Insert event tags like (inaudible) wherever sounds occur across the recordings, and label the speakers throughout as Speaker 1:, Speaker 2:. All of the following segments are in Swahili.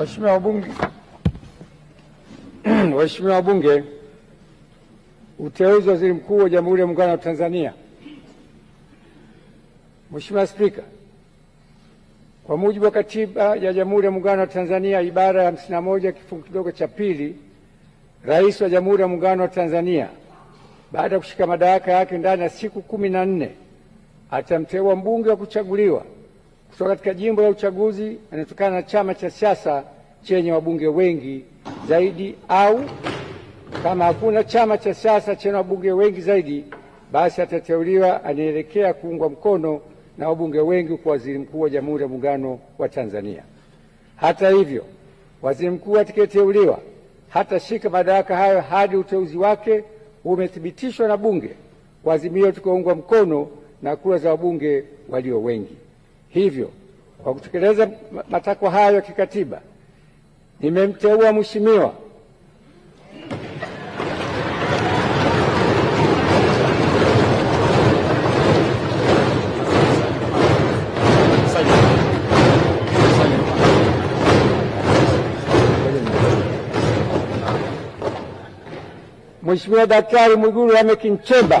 Speaker 1: Waheshimiwa wabunge, Mheshimiwa (clears throat) wabunge, uteuzi wa waziri mkuu wa Jamhuri ya Muungano wa Tanzania. Mheshimiwa Spika, kwa mujibu wa Katiba ya Jamhuri ya Muungano wa Tanzania ibara ya 51 kifungu kidogo cha pili, Rais wa Jamhuri ya Muungano wa Tanzania baada ya kushika madaraka yake ndani ya siku kumi na nne atamteua mbunge wa kuchaguliwa kutoka katika jimbo la uchaguzi anatokana na chama cha siasa chenye wabunge wengi zaidi, au kama hakuna chama cha siasa chenye wabunge wengi zaidi, basi atateuliwa anaelekea kuungwa mkono na wabunge wengi kwa waziri mkuu wa Jamhuri ya Muungano wa Tanzania. Hata hivyo, waziri mkuu atakayeteuliwa hatashika madaraka hayo hadi uteuzi wake umethibitishwa na bunge kwa azimio tukoungwa mkono na kura za wabunge walio wengi. Hivyo, kwa kutekeleza matakwa hayo ya kikatiba Nimemteua mheshimiwa Mheshimiwa Daktari Mwigulu Lameck Nchemba.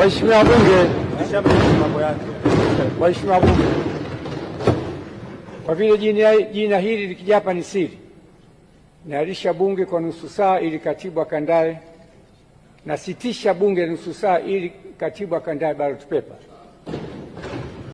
Speaker 1: Waheshimiwa wabunge, waheshimiwa wabunge, kwa vile jina, jina hili likija hapa ni siri, naalisha bunge kwa nusu saa ili katibu akandae, nasitisha bunge nusu saa ili katibu akandae ballot paper.